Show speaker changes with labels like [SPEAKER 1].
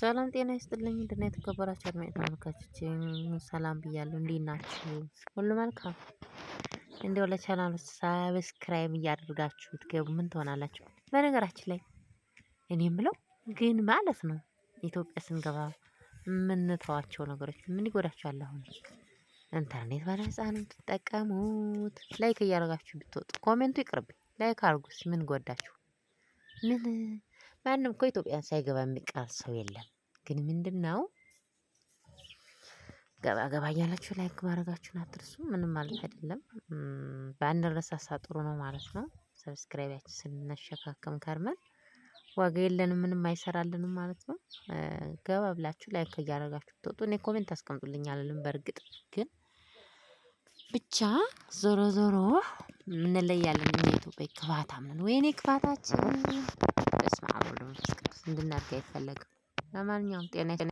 [SPEAKER 1] ሰላም ጤና ይስጥልኝ። እንደና የተከበራችሁ አድማጭ ተመልካቾች ሰላም ብያለሁ። እንዴት ናችሁ? ሁሉ መልካም? እንደው ለቻናሉ ሰብስክራይብ እያደረጋችሁ ትገቡ ምን ትሆናላችሁ? በነገራችን ላይ እኔም ብለው ግን ማለት ነው ኢትዮጵያ ስንገባ የምንተዋቸው ነገሮች ምን ይጎዳችኋል? አሁን ኢንተርኔት በነፃ ነው የምትጠቀሙት። ላይክ እያደረጋችሁ ብትወጡ፣ ኮሜንቱ ይቅርብኝ። ላይክ አድርጉስ። ምን ጎዳችሁ? ምን ማንም እኮ ኢትዮጵያን ሳይገባ የሚቃል ሰው የለም። ግን ምንድን ነው ገባ ገባ እያላችሁ ላይክ ማድረጋችሁን አትርሱ። ምንም ማለት አይደለም። በአንረሳሳ ጥሩ ነው ማለት ነው። ሰብስክራይቢያችን ስንነሸካከም ከርመን ዋጋ የለንም፣ ምንም አይሰራልንም ማለት ነው። ገባ ብላችሁ ላይክ እያደረጋችሁ ትወጡ። እኔ ኮሜንት አስቀምጡልኝ አልልም። በእርግጥ ግን ብቻ ዞሮ ዞሮ ምንለያለን እኛ ኢትዮጵያ ክፋታም ነን። ወይኔ ክፋታችን እንድናድግ አይፈለግም። ለማንኛውም ጤና